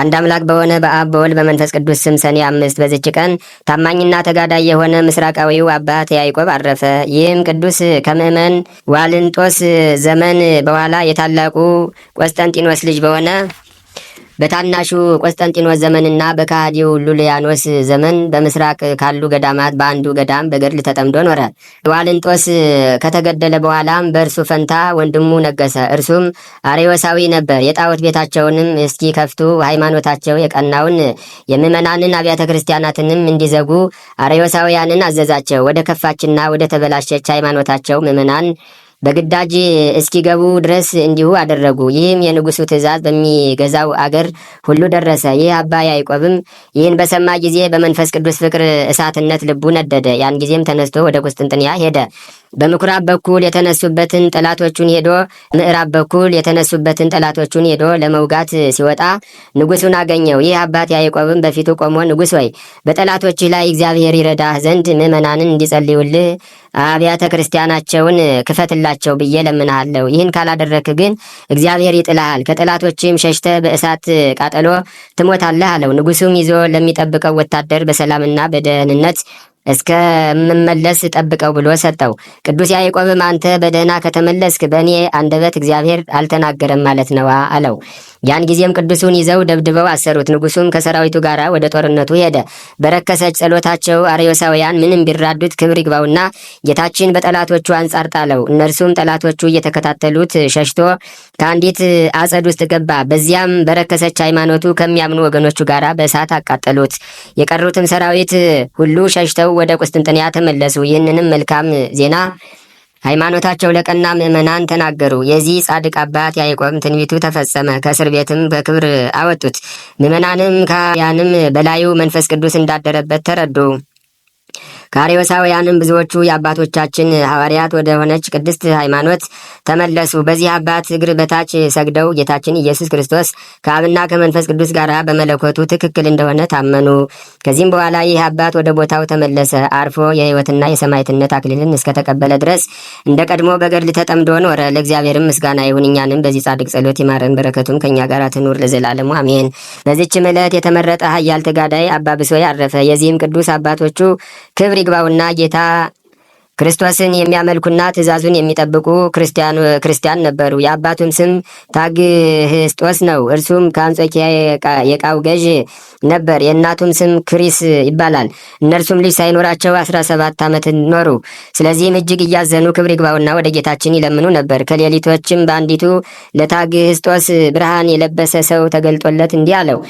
አንድ አምላክ በሆነ በአብ በወልድ በመንፈስ ቅዱስ ስም ሰኔ አምስት በዚች ቀን ታማኝና ተጋዳይ የሆነ ምስራቃዊው አባት ያዕቆብ አረፈ። ይህም ቅዱስ ከምእመን ዋልንጦስ ዘመን በኋላ የታላቁ ቆስጠንጢኖስ ልጅ በሆነ በታናሹ ቆስጠንጢኖስ ዘመንና በካሃዲው ሉሊያኖስ ዘመን በምስራቅ ካሉ ገዳማት በአንዱ ገዳም በገድል ተጠምዶ ኖረ። ዋልንጦስ ከተገደለ በኋላም በእርሱ ፈንታ ወንድሙ ነገሰ። እርሱም አሬዮሳዊ ነበር። የጣዖት ቤታቸውንም እስኪ ከፍቱ ሃይማኖታቸው የቀናውን የምዕመናንን አብያተ ክርስቲያናትንም እንዲዘጉ አሬዮሳውያንን አዘዛቸው። ወደ ከፋችና ወደ ተበላሸች ሃይማኖታቸው ምዕመናን በግዳጅ እስኪገቡ ድረስ እንዲሁ አደረጉ። ይህም የንጉሱ ትእዛዝ በሚገዛው አገር ሁሉ ደረሰ። ይህ አባ ያዕቆብም ይህን በሰማ ጊዜ በመንፈስ ቅዱስ ፍቅር እሳትነት ልቡ ነደደ። ያን ጊዜም ተነስቶ ወደ ቁስጥንጥንያ ሄደ። በምኩራብ በኩል የተነሱበትን ጠላቶቹን ሄዶ ምዕራብ በኩል የተነሱበትን ጠላቶቹን ሄዶ ለመውጋት ሲወጣ ንጉሱን አገኘው። ይህ አባት ያዕቆብም በፊቱ ቆሞ ንጉስ ወይ በጠላቶች ላይ እግዚአብሔር ይረዳህ ዘንድ ምዕመናንን እንዲጸልዩልህ አብያተ ክርስቲያናቸውን ክፈትላቸው ብዬ ለምንሃለሁ። ይህን ካላደረክ ግን እግዚአብሔር ይጥልሃል፣ ከጠላቶችም ሸሽተ በእሳት ቃጠሎ ትሞታለህ አለው። ንጉሱም ይዞ ለሚጠብቀው ወታደር በሰላምና በደህንነት እስከምመለስ ጠብቀው ብሎ ሰጠው። ቅዱስ ያዕቆብም አንተ በደህና ከተመለስክ በእኔ አንደበት እግዚአብሔር አልተናገረም ማለት ነዋ አለው። ያን ጊዜም ቅዱሱን ይዘው ደብድበው አሰሩት። ንጉሱም ከሰራዊቱ ጋር ወደ ጦርነቱ ሄደ። በረከሰች ጸሎታቸው አርዮሳውያን ምንም ቢራዱት ክብር ይግባውና ጌታችን በጠላቶቹ አንጻር ጣለው። እነርሱም ጠላቶቹ እየተከታተሉት ሸሽቶ ከአንዲት አጸድ ውስጥ ገባ። በዚያም በረከሰች ሃይማኖቱ ከሚያምኑ ወገኖቹ ጋር በእሳት አቃጠሉት። የቀሩትም ሰራዊት ሁሉ ሸሽተው ወደ ቁስጥንጥንያ ተመለሱ። ይህንንም መልካም ዜና ሃይማኖታቸው ለቀና ምዕመናን ተናገሩ። የዚህ ጻድቅ አባት ያዕቆብ ትንቢቱ ተፈጸመ። ከእስር ቤትም በክብር አወጡት። ምእመናንም ከያንም በላዩ መንፈስ ቅዱስ እንዳደረበት ተረዱ። ከአርዮሳውያንም ብዙዎቹ የአባቶቻችን ሐዋርያት ወደ ሆነች ቅድስት ሃይማኖት ተመለሱ። በዚህ አባት እግር በታች ሰግደው ጌታችን ኢየሱስ ክርስቶስ ከአብና ከመንፈስ ቅዱስ ጋር በመለኮቱ ትክክል እንደሆነ ታመኑ። ከዚህም በኋላ ይህ አባት ወደ ቦታው ተመለሰ። አርፎ የሕይወትና የሰማዕትነት አክሊልን እስከተቀበለ ድረስ እንደ ቀድሞ በገድል ተጠምዶ ኖረ። ለእግዚአብሔርም ምስጋና ይሁን፣ እኛንም በዚህ ጻድቅ ጸሎት ይማረን፣ በረከቱም ከእኛ ጋር ትኑር ለዘላለሙ አሜን። በዚችም ዕለት የተመረጠ ኃያል ተጋዳይ አባ ብሶይ አረፈ። የዚህም ቅዱስ አባቶቹ ክብር ይግባውና ጌታ ክርስቶስን የሚያመልኩና ትእዛዙን የሚጠብቁ ክርስቲያን ነበሩ። የአባቱም ስም ታግህስጦስ ነው። እርሱም ከአንጾኪያ የቃው ገዥ ነበር። የእናቱም ስም ክሪስ ይባላል። እነርሱም ልጅ ሳይኖራቸው 17 ዓመት ኖሩ። ስለዚህም እጅግ እያዘኑ ክብር ይግባውና ወደ ጌታችን ይለምኑ ነበር። ከሌሊቶችም በአንዲቱ ለታግህስጦስ ብርሃን የለበሰ ሰው ተገልጦለት እንዲህ አለው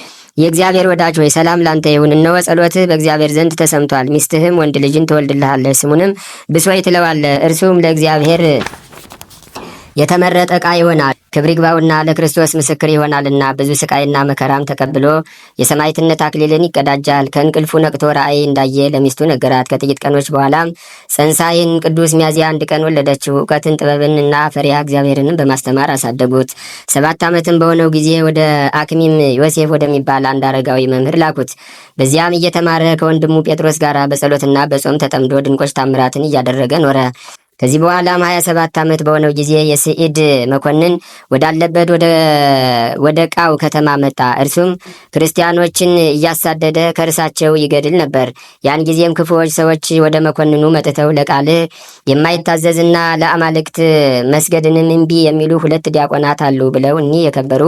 የእግዚአብሔር ወዳጅ ሆይ ሰላም ላንተ ይሁን። እነሆ ጸሎትህ በእግዚአብሔር ዘንድ ተሰምቷል። ሚስትህም ወንድ ልጅን ትወልድልሃለች፣ ስሙንም ብሶይ ትለዋለህ። እርሱም ለእግዚአብሔር የተመረጠ ዕቃ ይሆናል። ክብር ይግባውና ለክርስቶስ ምስክር ይሆናልና ብዙ ስቃይና መከራም ተቀብሎ የሰማዕትነት አክሊልን ይቀዳጃል። ከእንቅልፉ ነቅቶ ራእይ እንዳየ ለሚስቱ ነገራት። ከጥቂት ቀኖች በኋላም ጸንሳ ይህን ቅዱስ ሚያዝያ አንድ ቀን ወለደችው። እውቀትን ጥበብንና ፈሪሃ እግዚአብሔርንም በማስተማር አሳደጉት። ሰባት ዓመትም በሆነው ጊዜ ወደ አክሚም ዮሴፍ ወደሚባል አንድ አረጋዊ መምህር ላኩት። በዚያም እየተማረ ከወንድሙ ጴጥሮስ ጋር በጸሎትና በጾም ተጠምዶ ድንቆች ታምራትን እያደረገ ኖረ። ከዚህ በኋላም 27 ዓመት በሆነው ጊዜ የስዒድ መኮንን ወዳለበት ወደ ቃው ከተማ መጣ። እርሱም ክርስቲያኖችን እያሳደደ ከእርሳቸው ይገድል ነበር። ያን ጊዜም ክፉዎች ሰዎች ወደ መኮንኑ መጥተው ለቃልህ የማይታዘዝና ለአማልክት መስገድንም እምቢ የሚሉ ሁለት ዲያቆናት አሉ ብለው እኒህ የከበሩ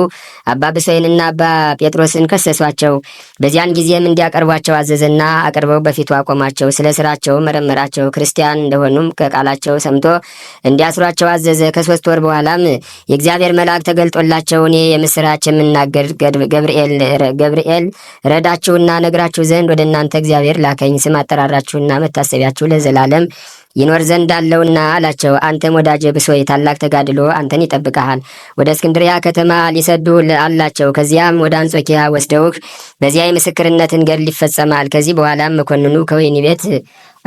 አባ ብሶይንና አባ ጴጥሮስን ከሰሷቸው። በዚያን ጊዜም እንዲያቀርቧቸው አዘዘና አቅርበው በፊቱ አቆማቸው። ስለ ስራቸው መረመራቸው። ክርስቲያን እንደሆኑም ከቃላቸው ሰምቶ እንዲያስሯቸው አዘዘ። ከሶስት ወር በኋላም የእግዚአብሔር መልአክ ተገልጦላቸው እኔ የምስራች የምናገር ገብርኤል ረዳችሁና ነግራችሁ ዘንድ ወደ እናንተ እግዚአብሔር ላከኝ። ስም አጠራራችሁና መታሰቢያችሁ ለዘላለም ይኖር ዘንድ አለውና አላቸው። አንተም ወዳጄ ብሶይ ታላቅ ተጋድሎ አንተን ይጠብቀሃል። ወደ እስክንድሪያ ከተማ ሊሰዱ አላቸው። ከዚያም ወደ አንጾኪያ ወስደውህ በዚያ የምስክርነትን ገድል ይፈጸማል። ከዚህ በኋላም መኮንኑ ከወህኒ ቤት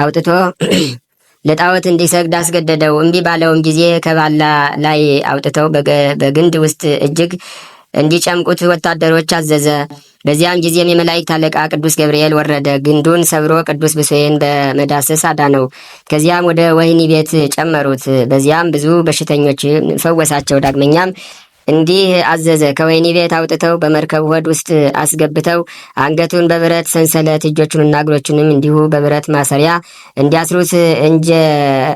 አውጥቶ ለጣዖት እንዲሰግድ አስገደደው። እምቢ ባለውም ጊዜ ከባላ ላይ አውጥተው በግንድ ውስጥ እጅግ እንዲጨምቁት ወታደሮች አዘዘ። በዚያም ጊዜም የመላእክት አለቃ ቅዱስ ገብርኤል ወረደ፣ ግንዱን ሰብሮ ቅዱስ ብሶዬን በመዳሰስ አዳነው። ከዚያም ወደ ወህኒ ቤት ጨመሩት። በዚያም ብዙ በሽተኞች ፈወሳቸው። ዳግመኛም እንዲህ አዘዘ። ከወህኒ ቤት አውጥተው በመርከብ ሆድ ውስጥ አስገብተው አንገቱን በብረት ሰንሰለት እጆቹንና እግሮቹንም እንዲሁ በብረት ማሰሪያ እንዲያስሩት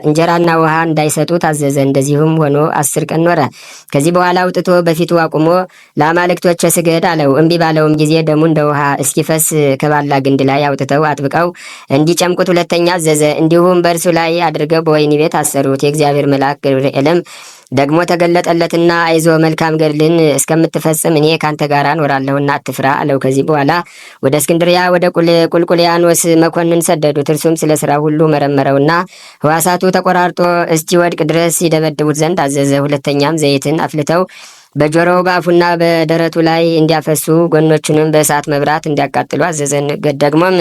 እንጀራና ውሃ እንዳይሰጡት አዘዘ። እንደዚሁም ሆኖ አስር ቀን ኖረ። ከዚህ በኋላ አውጥቶ በፊቱ አቁሞ ለአማልክቶች ስገድ አለው። እምቢ ባለውም ጊዜ ደሙ እንደ ውሃ እስኪፈስ ከባላ ግንድ ላይ አውጥተው አጥብቀው እንዲጨምቁት ሁለተኛ አዘዘ። እንዲሁም በእርሱ ላይ አድርገው በወህኒ ቤት አሰሩት። የእግዚአብሔር መልአክ ገብርኤልም ደግሞ ተገለጠለትና አይዞ መልካም ገድልን እስከምትፈጽም እኔ ካንተ ጋር እኖራለሁና አትፍራ አለው። ከዚህ በኋላ ወደ እስክንድሪያ ወደ ቁልቁልያኖስ መኮንን ሰደዱት። እርሱም ስለ ስራ ሁሉ መረመረውና ህዋሳቱ ተቆራርጦ እስኪወድቅ ድረስ ይደበድቡት ዘንድ አዘዘ። ሁለተኛም ዘይትን አፍልተው በጆሮው በአፉና በደረቱ ላይ እንዲያፈሱ ጎኖቹንም በእሳት መብራት እንዲያቃጥሉ አዘዘን። ደግሞም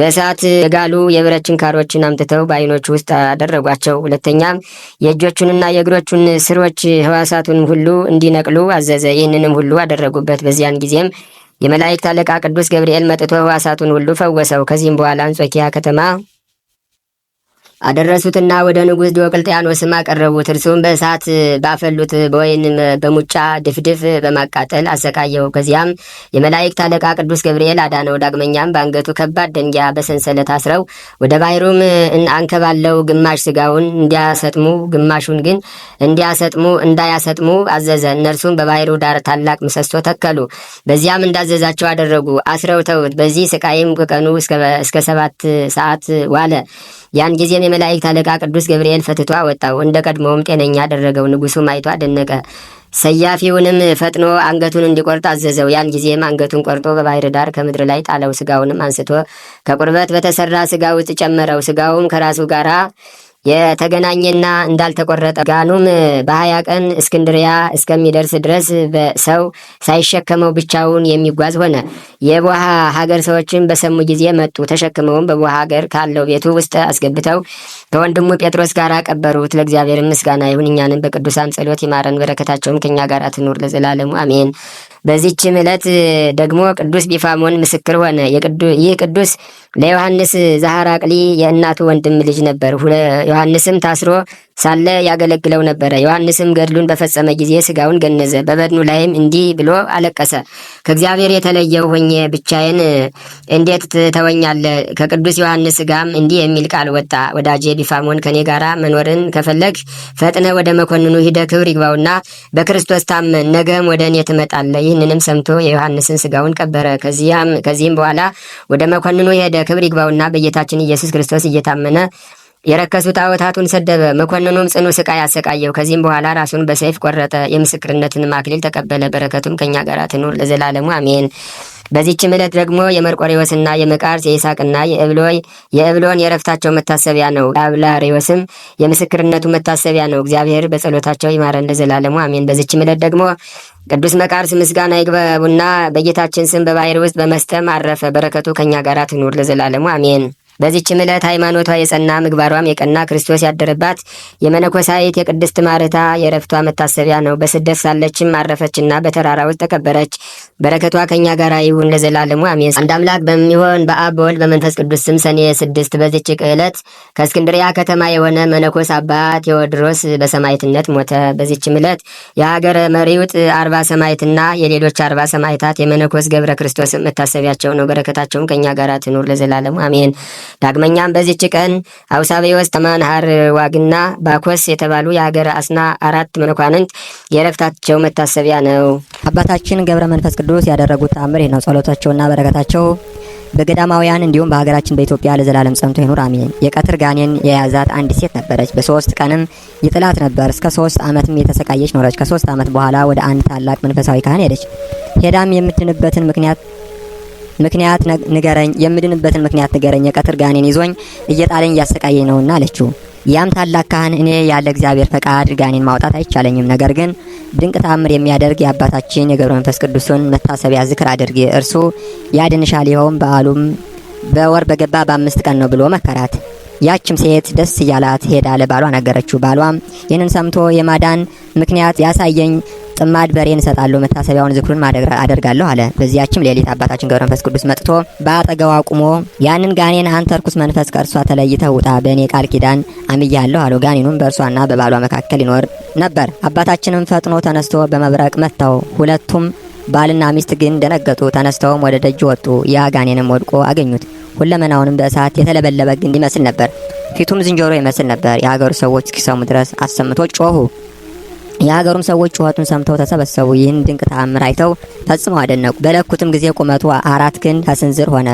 በእሳት የጋሉ የብረት ችንካሮችን አምጥተው በአይኖቹ ውስጥ አደረጓቸው። ሁለተኛም የእጆቹንና የእግሮቹን ስሮች ህዋሳቱን ሁሉ እንዲነቅሉ አዘዘ። ይህንንም ሁሉ አደረጉበት። በዚያን ጊዜም የመላእክት አለቃ ቅዱስ ገብርኤል መጥቶ ህዋሳቱን ሁሉ ፈወሰው። ከዚህም በኋላ አንጾኪያ ከተማ አደረሱትና ወደ ንጉሥ ዲዮቅልጥያኖስም አቀረቡት። እርሱም በእሳት ባፈሉት በወይንም በሙጫ ድፍድፍ በማቃጠል አሰቃየው። ከዚያም የመላእክት አለቃ ቅዱስ ገብርኤል አዳነው። ዳግመኛም በአንገቱ ከባድ ደንጊያ በሰንሰለት አስረው ወደ ባሕሩም አንከባለው ግማሽ ስጋውን እንዲያሰጥሙ ግማሹን ግን እንዲያሰጥሙ እንዳያሰጥሙ አዘዘ። እነርሱም በባሕሩ ዳር ታላቅ ምሰሶ ተከሉ። በዚያም እንዳዘዛቸው አደረጉ። አስረው ተውት። በዚህ ስቃይም ከቀኑ እስከ ሰባት ሰዓት ዋለ። ያን ጊዜም የመላእክት አለቃ ቅዱስ ገብርኤል ፈትቶ አወጣው። እንደ ቀድሞውም ጤነኛ አደረገው። ንጉሱም አይቶ አደነቀ። ሰያፊውንም ፈጥኖ አንገቱን እንዲቆርጥ አዘዘው። ያን ጊዜም አንገቱን ቆርጦ በባሕር ዳር ከምድር ላይ ጣለው። ስጋውንም አንስቶ ከቁርበት በተሰራ ስጋ ውስጥ ጨመረው። ስጋውም ከራሱ ጋራ የተገናኘና እንዳልተቆረጠ ጋኑም በሀያ ቀን እስክንድሪያ እስከሚደርስ ድረስ በሰው ሳይሸከመው ብቻውን የሚጓዝ ሆነ። የቦሃ ሀገር ሰዎችን በሰሙ ጊዜ መጡ። ተሸክመውም በቦሃ ሀገር ካለው ቤቱ ውስጥ አስገብተው ከወንድሙ ጴጥሮስ ጋር ቀበሩት። ለእግዚአብሔር ምስጋና ይሁን፣ እኛንም በቅዱሳን ጸሎት ይማረን፣ በረከታቸውም ከእኛ ጋር ትኑር ለዘላለሙ አሜን። በዚችም ዕለት ደግሞ ቅዱስ ቢፋሞን ምስክር ሆነ። ይህ ቅዱስ ለዮሐንስ ዛሃራቅሊ የእናቱ ወንድም ልጅ ነበር። ዮሐንስም ታስሮ ሳለ ያገለግለው ነበረ። ዮሐንስም ገድሉን በፈጸመ ጊዜ ስጋውን ገነዘ። በበድኑ ላይም እንዲህ ብሎ አለቀሰ። ከእግዚአብሔር የተለየው ሆኜ ብቻዬን እንዴት ትተወኛለህ? ከቅዱስ ዮሐንስ ስጋም እንዲህ የሚል ቃል ወጣ። ወዳጄ ቢፋሞን ከኔ ጋራ መኖርን ከፈለግ ፈጥነ ወደ መኮንኑ ሂደ፣ ክብር ይግባውና በክርስቶስ ታመን፣ ነገም ወደ እኔ ይህንንም ሰምቶ የዮሐንስን ስጋውን ቀበረ። ከዚህም በኋላ ወደ መኮንኑ ሄደ፣ ክብር ይግባውና በጌታችን ኢየሱስ ክርስቶስ እየታመነ የረከሱ ጣዖታቱን ሰደበ። መኮንኑም ጽኑ ስቃይ አሰቃየው። ከዚህም በኋላ ራሱን በሰይፍ ቆረጠ። የምስክርነትን አክሊል ተቀበለ። በረከቱም ከእኛ ጋር ትኑር ለዘላለሙ አሜን። በዚችም ዕለት ደግሞ የመርቆሬዎስና የመቃርስ የይስሐቅና የእብሎይ የእብሎን የረፍታቸው መታሰቢያ ነው። የአብላሬዎስም የምስክርነቱ መታሰቢያ ነው። እግዚአብሔር በጸሎታቸው ይማረን ለዘላለሙ አሜን። በዚችም ዕለት ደግሞ ቅዱስ መቃርስ ምስጋና ይግበቡና በጌታችን ስም በባሕር ውስጥ በመስጠም አረፈ። በረከቱ ከእኛ ጋር ትኑር ለዘላለሙ አሜን። በዚችም ዕለት ሃይማኖቷ የጸና ምግባሯም የቀና ክርስቶስ ያደረባት የመነኮሳይት የቅድስት ማርታ የረፍቷ መታሰቢያ ነው። በስደት ሳለችም አረፈችና በተራራ ውስጥ ተቀበረች። በረከቷ ከእኛ ጋር ይሁን ለዘላለሙ አሜን። አንድ አምላክ በሚሆን በአብ በወልድ በመንፈስ ቅዱስ ስም ሰኔ ስድስት በዚች ዕለት ከእስክንድሪያ ከተማ የሆነ መነኮስ አባ ቴዎድሮስ በሰማይትነት ሞተ። በዚችም ዕለት የሀገረ መሪውጥ አርባ ሰማይትና የሌሎች አርባ ሰማይታት የመነኮስ ገብረ ክርስቶስ መታሰቢያቸው ነው። በረከታቸውም ከእኛ ጋር ትኑር ለዘላለሙ አሜን። ዳግመኛም በዚች ቀን አውሳቤዎስ ተማንሃር ዋግና ባኮስ የተባሉ የሀገር አስና አራት መነኳንንት የረፍታቸው መታሰቢያ ነው። አባታችን ገብረ መንፈስ ቅዱስ ያደረጉት ተአምር ነው። ጸሎታቸውና በረከታቸው በገዳማውያን እንዲሁም በሀገራችን በኢትዮጵያ ለዘላለም ጸንቶ ይኑር አሜን። የቀትር ጋኔን የያዛት አንዲት ሴት ነበረች። በሶስት ቀንም ይጥላት ነበር። እስከ ሶስት ዓመትም የተሰቃየች ኖረች። ከሶስት ዓመት በኋላ ወደ አንድ ታላቅ መንፈሳዊ ካህን ሄደች። ሄዳም የምትንበትን ምክንያት ምክንያት ንገረኝ፣ የምድንበትን ምክንያት ንገረኝ፣ የቀትር ጋኔን ይዞኝ እየጣለኝ እያሰቃየኝ ነውና አለችው። ያም ታላቅ ካህን እኔ ያለ እግዚአብሔር ፈቃድ ጋኔን ማውጣት አይቻለኝም፣ ነገር ግን ድንቅ ተአምር የሚያደርግ የአባታችን የገብረ መንፈስ ቅዱስን መታሰቢያ ዝክር አድርጊ፣ እርሱ ያድንሻል፣ ይኸውም በዓሉም በወር በገባ በአምስት ቀን ነው ብሎ መከራት። ያችም ሴት ደስ እያላት ሄዳ ለባሏ ነገረችው። ባሏም ይህንን ሰምቶ የማዳን ምክንያት ያሳየኝ ጥማድ በሬን እንሰጣለሁ መታሰቢያውን ዝክሩን አደርጋለሁ አለ። በዚያችም ሌሊት አባታችን ገብረ መንፈስ ቅዱስ መጥቶ በአጠገቧ ቁሞ ያንን ጋኔን አንተ ርኩስ መንፈስ ከእርሷ ተለይተህ ውጣ፣ በእኔ ቃል ኪዳን አምያለሁ አለው። ጋኔኑም በእርሷና በባሏ መካከል ይኖር ነበር። አባታችንም ፈጥኖ ተነስቶ በመብረቅ መታው። ሁለቱም ባልና ሚስት ግን ደነገጡ። ተነስተውም ወደ ደጅ ወጡ። የአጋኔንም ወድቆ አገኙት። ሁለመናውንም በእሳት የተለበለበ ግንድ ይመስል ነበር። ፊቱም ዝንጀሮ ይመስል ነበር። የሀገሩ ሰዎች እስኪሰሙ ድረስ አሰምቶ ጮሁ። የሀገሩም ሰዎች ጩኸቱን ሰምተው ተሰበሰቡ። ይህን ድንቅ ተአምር አይተው ፈጽመው አደነቁ። በለኩትም ጊዜ ቁመቱ አራት ክንድ ከስንዝር ሆነ፣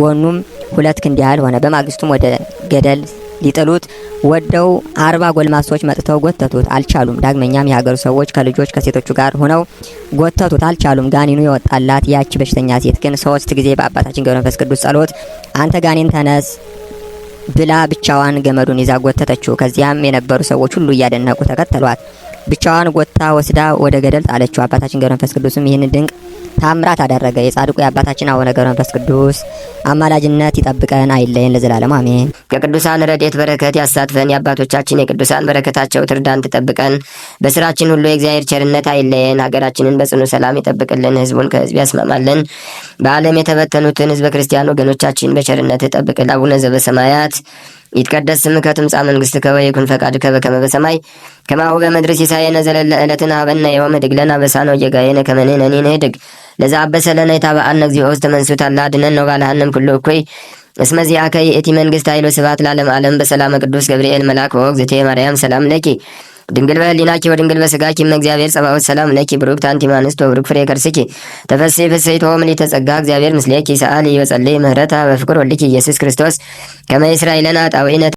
ጎኑም ሁለት ክንድ ያህል ሆነ። በማግስቱም ወደ ገደል ሊጥሉት ወደው አርባ ጎልማሶች መጥተው ጎተቱት፣ አልቻሉም። ዳግመኛም የሀገሩ ሰዎች ከልጆች ከሴቶቹ ጋር ሆነው ጎተቱት፣ አልቻሉም። ጋኔኑ የወጣላት ያቺ በሽተኛ ሴት ግን ሶስት ጊዜ በአባታችን ገብረ መንፈስ ቅዱስ ጸሎት አንተ ጋኔን ተነስ ብላ ብቻዋን ገመዱን ይዛ ጎተተችው። ከዚያም የነበሩ ሰዎች ሁሉ እያደነቁ ተከተሏት። ብቻዋን ጎታ ወስዳ ወደ ገደል ጣለችው። አባታችን ገብረ መንፈስ ቅዱስም ይህንን ድንቅ ታምራት አደረገ። የጻድቁ የአባታችን አቡነ ገብረ መንፈስ ቅዱስ አማላጅነት ይጠብቀን አይለየን ለዘላለም አሜን። ከቅዱሳን ረድኤት በረከት ያሳትፈን። የአባቶቻችን የቅዱሳን በረከታቸው ትርዳን ትጠብቀን። በስራችን ሁሉ የእግዚአብሔር ቸርነት አይለየን። ሀገራችንን በጽኑ ሰላም ይጠብቅልን። ህዝቡን ከህዝብ ያስማማልን። በዓለም የተበተኑትን ህዝበ ክርስቲያን ወገኖቻችን በቸርነት ይጠብቅልን። አቡነ ዘበሰማያት ይትቀደስ ስምከ ትምጻእ መንግሥትከ ወይኩን ፈቃድከ በከመ በሰማይ ከማሁ በምድር ሲሳየነ ዘለለ ዕለትነ ሀበነ ዮም ኅድግ ለነ አበሳነ ወጌጋየነ ከመ ንሕነኒ ንኅድግ ለዘአበሰ ለነ የታበአነ እግዚኦ ውስተ መንሱት አላ ድነን ነው እኩይ እስመ ዚአከ የእቲ መንግሥት ኃይሎ ስብሐት ለዓለም ዓለም በሰላመ ቅዱስ ገብርኤል መልአክ ወእግዝእቴ ማርያም ሰላም ለኪ ድንግል በህሊናኪ ወድንግል በስጋኪ እግዚአብሔር ጸባኦት ሰላም ለኪ ብሩክት አንቲ እምአንስት ወብሩክ ፍሬ ከርስኪ ተፈሥሒ ፍሥሕት ምልዕተ ጸጋ እግዚአብሔር ምስሌኪ ሰአሊ ወጸልይ ምህረተ በፍቅር ወልድኪ ኢየሱስ ክርስቶስ ከመ ይሥራይ ለነ ጣውዒነ